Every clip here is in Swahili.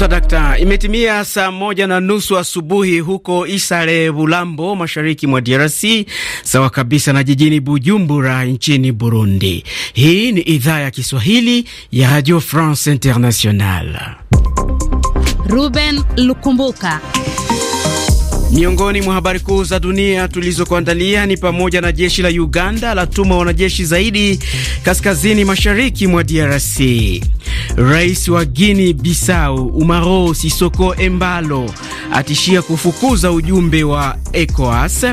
kabisa dakta. Imetimia saa moja na nusu asubuhi huko Isare Bulambo, mashariki mwa DRC, sawa kabisa na jijini Bujumbura nchini Burundi. Hii ni idhaa ya Kiswahili ya Radio France international Ruben Lukumbuka Miongoni mwa habari kuu za dunia tulizokuandalia ni pamoja na jeshi la Uganda latuma wanajeshi zaidi kaskazini mashariki mwa DRC. Rais wa guini Bissau Umaro Sisoko Embalo atishia kufukuza ujumbe wa ECOWAS,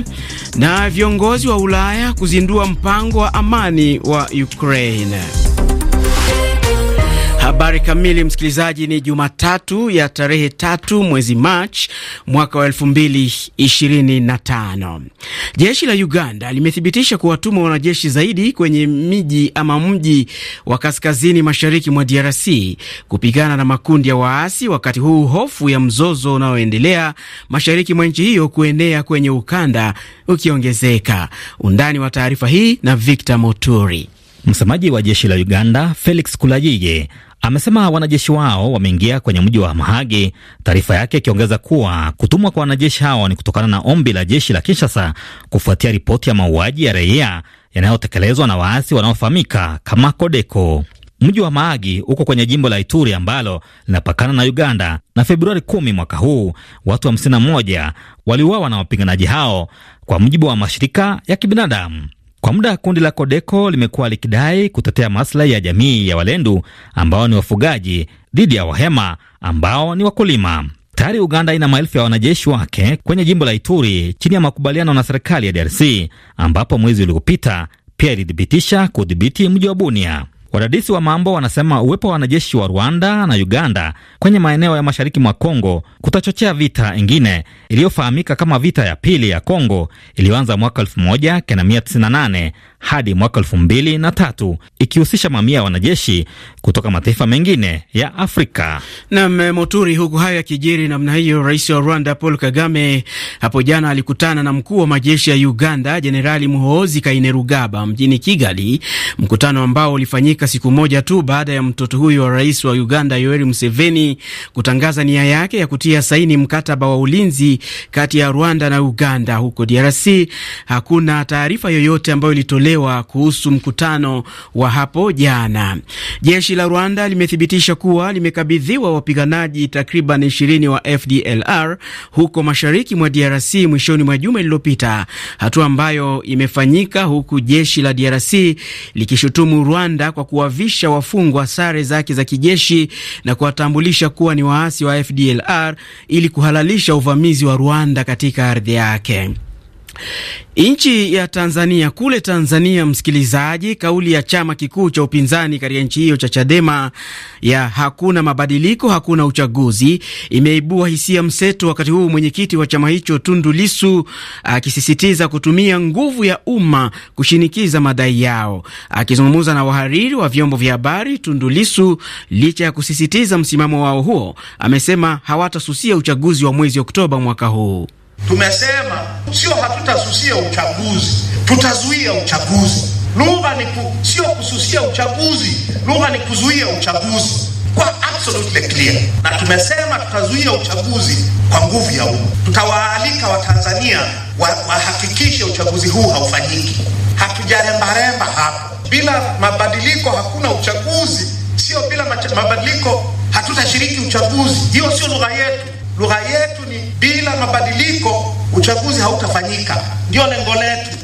na viongozi wa Ulaya kuzindua mpango wa amani wa Ukraine. Habari kamili, msikilizaji. Ni Jumatatu ya tarehe tatu mwezi Machi mwaka wa elfu mbili ishirini na tano. Jeshi la Uganda limethibitisha kuwatuma wanajeshi zaidi kwenye miji ama mji wa kaskazini mashariki mwa DRC kupigana na makundi ya waasi, wakati huu hofu ya mzozo unaoendelea mashariki mwa nchi hiyo kuenea kwenye ukanda ukiongezeka. Undani wa taarifa hii na Victor Moturi. Msemaji wa jeshi la Uganda Felix Kulajige amesema wanajeshi wao wameingia kwenye mji wa mahagi taarifa yake ikiongeza kuwa kutumwa kwa wanajeshi hao ni kutokana na ombi la jeshi la Kinshasa kufuatia ripoti ya mauaji ya raia yanayotekelezwa na waasi wanaofahamika kama Kodeko. Mji wa Maagi uko kwenye jimbo la Ituri ambalo linapakana na Uganda, na Februari kumi mwaka huu watu 51 waliuawa na wapiganaji hao, kwa mujibu wa mashirika ya kibinadamu. Kwa muda kundi la Kodeko limekuwa likidai kutetea maslahi ya jamii ya Walendu ambao ni wafugaji dhidi ya Wahema ambao ni wakulima. Tayari Uganda ina maelfu ya wanajeshi wake kwenye jimbo la Ituri chini ya makubaliano na serikali ya DRC ambapo mwezi uliopita pia ilithibitisha kudhibiti mji wa Bunia. Wadadisi wa mambo wanasema uwepo wa wanajeshi wa Rwanda na Uganda kwenye maeneo ya mashariki mwa Kongo kutachochea vita ingine iliyofahamika kama vita ya pili ya Kongo iliyoanza mwaka 1998 hadi mwaka 2003 ikihusisha mamia ya wanajeshi kutoka mataifa mengine ya Afrika. Nam Moturi, huku hayo yakijiri namna hiyo, rais wa Rwanda Paul Kagame hapo jana alikutana na mkuu wa majeshi ya Uganda Jenerali Muhoozi Kainerugaba mjini Kigali, mkutano ambao ulifanyika kufanyika siku moja tu baada ya mtoto huyo wa rais wa Uganda Yoweri Museveni kutangaza nia yake ya kutia saini mkataba wa ulinzi kati ya Rwanda na Uganda. Huko DRC hakuna taarifa yoyote ambayo ilitolewa kuhusu mkutano wa hapo jana. Jeshi la Rwanda limethibitisha kuwa limekabidhiwa wapiganaji takriban 20 wa FDLR huko mashariki mwa DRC mwishoni mwa juma lililopita, hatua ambayo imefanyika huku jeshi la DRC likishutumu Rwanda kwa kuwavisha wafungwa sare zake za kijeshi na kuwatambulisha kuwa ni waasi wa FDLR ili kuhalalisha uvamizi wa Rwanda katika ardhi yake. Nchi ya Tanzania, kule Tanzania, msikilizaji, kauli ya chama kikuu cha upinzani katika nchi hiyo cha Chadema ya hakuna mabadiliko, hakuna uchaguzi imeibua hisia mseto, wakati huu mwenyekiti wa chama hicho Tundu Lisu akisisitiza kutumia nguvu ya umma kushinikiza madai yao. Akizungumza na wahariri wa vyombo vya habari, Tundu Lisu, licha ya kusisitiza msimamo wao huo, amesema hawatasusia uchaguzi wa mwezi Oktoba mwaka huu. Tumesema sio hatutasusia uchaguzi, tutazuia uchaguzi. Lugha ni ku, sio kususia uchaguzi, lugha ni kuzuia uchaguzi kwa absolutely clear. Na tumesema tutazuia uchaguzi kwa nguvu ya umma. Tutawaalika Watanzania wahakikishe wa uchaguzi huu haufanyiki. Hatujarembaremba hapo. Bila mabadiliko hakuna uchaguzi, sio bila mabadiliko hatutashiriki uchaguzi. Hiyo sio lugha yetu. Lugha yetu ni bila mabadiliko uchaguzi hautafanyika, ndio lengo letu.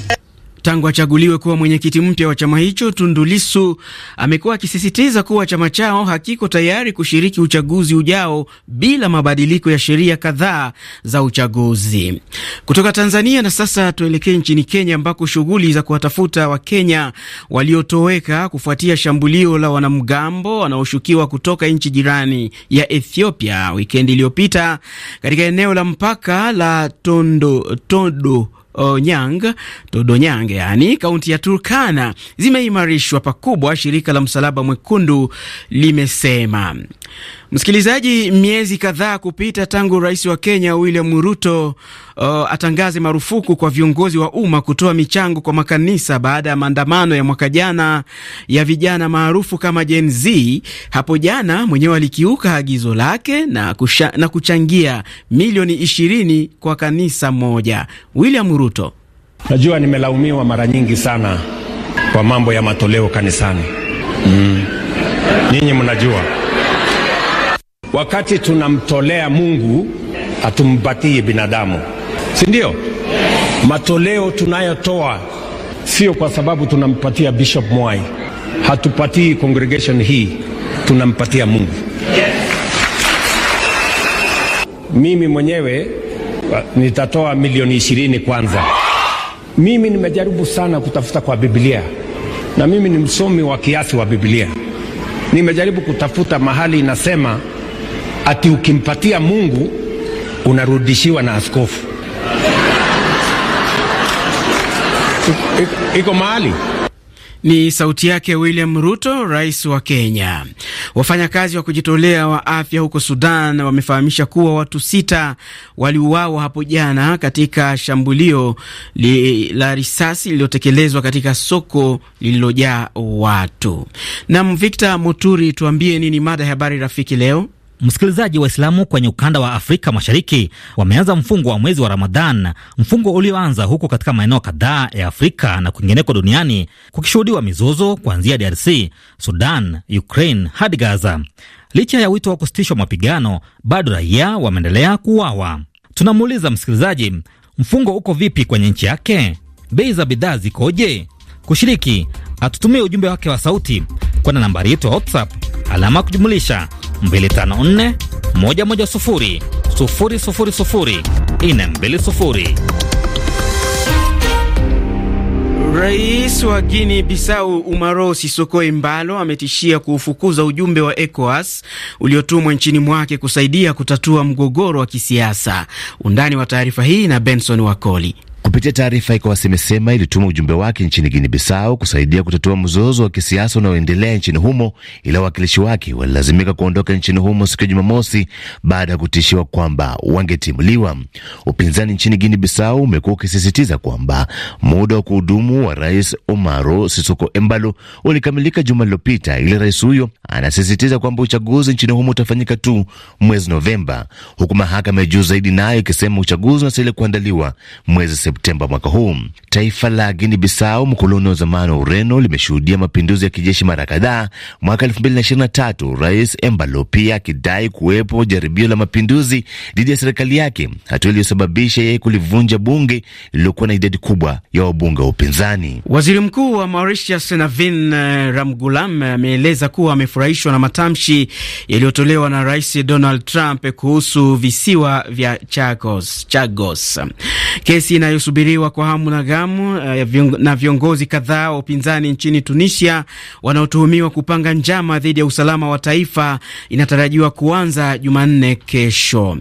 Tangu achaguliwe kuwa mwenyekiti mpya wa chama hicho, Tundu Lissu amekuwa akisisitiza kuwa chama chao hakiko tayari kushiriki uchaguzi ujao bila mabadiliko ya sheria kadhaa za uchaguzi. Kutoka Tanzania na sasa tuelekee nchini Kenya ambako shughuli za kuwatafuta Wakenya waliotoweka kufuatia shambulio la wanamgambo wanaoshukiwa kutoka nchi jirani ya Ethiopia wikendi iliyopita katika eneo la mpaka la Tondo, Tondo Onyang Todonyang, yani kaunti ya Turkana zimeimarishwa pakubwa, shirika la Msalaba Mwekundu limesema. Msikilizaji, miezi kadhaa kupita tangu rais wa Kenya William Ruto uh, atangaze marufuku kwa viongozi wa umma kutoa michango kwa makanisa baada ya maandamano ya mwaka jana ya vijana maarufu kama Gen Z. Hapo jana mwenyewe alikiuka agizo lake na, kusha, na kuchangia milioni ishirini kwa kanisa moja. William Ruto: najua nimelaumiwa mara nyingi sana kwa mambo ya matoleo kanisani. Mm, nyinyi mnajua wakati tunamtolea Mungu hatumpatii binadamu, si ndio? Matoleo tunayotoa sio kwa sababu tunampatia Bishop Mwai, hatupatii congregation hii, tunampatia Mungu. Mimi mwenyewe uh, nitatoa milioni ishirini kwanza. Mimi nimejaribu sana kutafuta kwa Biblia, na mimi ni msomi wa kiasi wa Biblia. Nimejaribu kutafuta mahali inasema ati ukimpatia Mungu unarudishiwa na askofu. Iko mahali ni sauti yake William Ruto, rais wa Kenya. Wafanyakazi wa kujitolea wa afya huko Sudan wamefahamisha kuwa watu sita waliuawa hapo jana katika shambulio li, la risasi lililotekelezwa katika soko lililojaa watu. Nam Victor Moturi, tuambie nini mada ya habari rafiki leo? Msikilizaji, Waislamu kwenye ukanda wa Afrika Mashariki wameanza mfungo wa mwezi wa Ramadhan, mfungo ulioanza huko katika maeneo kadhaa ya Afrika na kwingineko duniani kukishuhudiwa mizozo kuanzia DRC, Sudan, Ukraine hadi Gaza. Licha ya wito wa kusitishwa mapigano, bado raia wameendelea kuuawa. Tunamuuliza msikilizaji, mfungo uko vipi kwenye nchi yake? Bei za bidhaa zikoje? Kushiriki atutumie ujumbe wake wa sauti kwenda nambari yetu ya WhatsApp alama kujumulisha Rais wa guini bisau Umaro Sisoko Embalo ametishia kuufukuza ujumbe wa ECOWAS uliotumwa nchini mwake kusaidia kutatua mgogoro wa kisiasa. Undani wa taarifa hii na Benson Wakoli. Kupitia taarifa, ECOWAS imesema ilituma ujumbe wake nchini Guinea Bisau kusaidia kutatua mzozo wa kisiasa unaoendelea nchini humo, ila wawakilishi wake walilazimika kuondoka nchini humo siku ya Jumamosi baada ya kutishiwa kwamba wangetimuliwa. Upinzani nchini Guinea Bisau umekuwa ukisisitiza kwamba muda wa kuhudumu wa Rais Umaro Sisoko Embalo ulikamilika juma lilopita, ili rais huyo anasisitiza kwamba uchaguzi nchini humo utafanyika tu mwezi Novemba, huku mahakama ya juu zaidi nayo ikisema uchaguzi unastahili kuandaliwa mwezi Septemba mwaka huu. Taifa la Guinea Bissau, mkoloni wa zamani wa Ureno, limeshuhudia mapinduzi ya kijeshi mara kadhaa. Mwaka 2023 Rais Embalo pia akidai kuwepo jaribio la mapinduzi dhidi ya serikali yake, hatua iliyosababisha yeye kulivunja bunge lililokuwa na idadi kubwa ya wabunge wa upinzani. Waziri Mkuu wa Mauritius Navin eh, Ramgulam ameeleza kuwa amefurahishwa na matamshi yaliyotolewa na Rais Donald Trump kuhusu visiwa vya Chagos. Chagos. Kesi inayo kusubiriwa kwa hamu na gamu eh, na viongozi kadhaa wa upinzani nchini Tunisia wanaotuhumiwa kupanga njama dhidi ya usalama wa taifa inatarajiwa kuanza Jumanne kesho.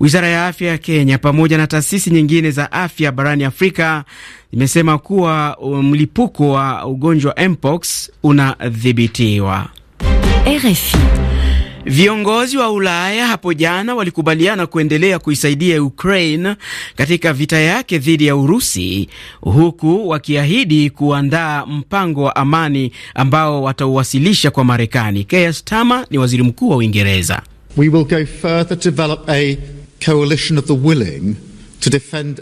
Wizara ya afya ya Kenya pamoja na taasisi nyingine za afya barani Afrika imesema kuwa um, mlipuko wa ugonjwa mpox unadhibitiwa. RFI Viongozi wa Ulaya hapo jana walikubaliana kuendelea kuisaidia Ukraine katika vita yake dhidi ya Urusi, huku wakiahidi kuandaa mpango wa amani ambao watauwasilisha kwa Marekani. Keir Starmer ni waziri mkuu wa Uingereza. We will go further to develop a coalition of the willing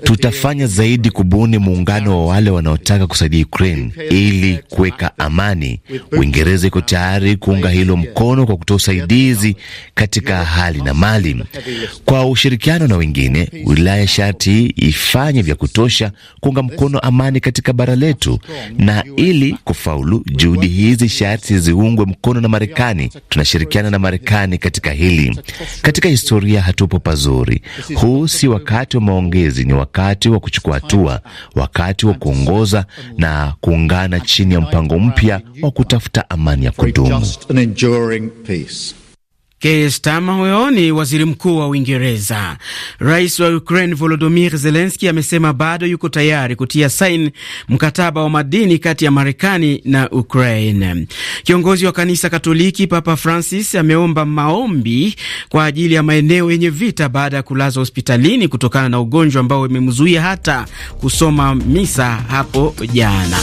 Tutafanya zaidi kubuni muungano wa wale wanaotaka kusaidia Ukraine ili kuweka amani. Uingereza iko tayari kuunga hilo mkono kwa kutoa usaidizi katika hali na mali. Kwa ushirikiano na wengine, Ulaya sharti ifanye vya kutosha kuunga mkono amani katika bara letu, na ili kufaulu juhudi hizi sharti ziungwe mkono na Marekani. Tunashirikiana na Marekani katika hili. Katika historia hatupo pazuri. Huu si wakati wa pongezi ni wakati wa kuchukua hatua, wakati wa kuongoza na kuungana chini ya mpango mpya wa kutafuta amani ya kudumu. Keir Starmer huyo ni waziri mkuu wa Uingereza. Rais wa Ukraine Volodymyr zelenski amesema bado yuko tayari kutia saini mkataba wa madini kati ya Marekani na Ukraine. Kiongozi wa kanisa Katoliki Papa Francis ameomba maombi kwa ajili ya maeneo yenye vita baada ya kulazwa hospitalini kutokana na ugonjwa ambao imemzuia hata kusoma misa hapo jana.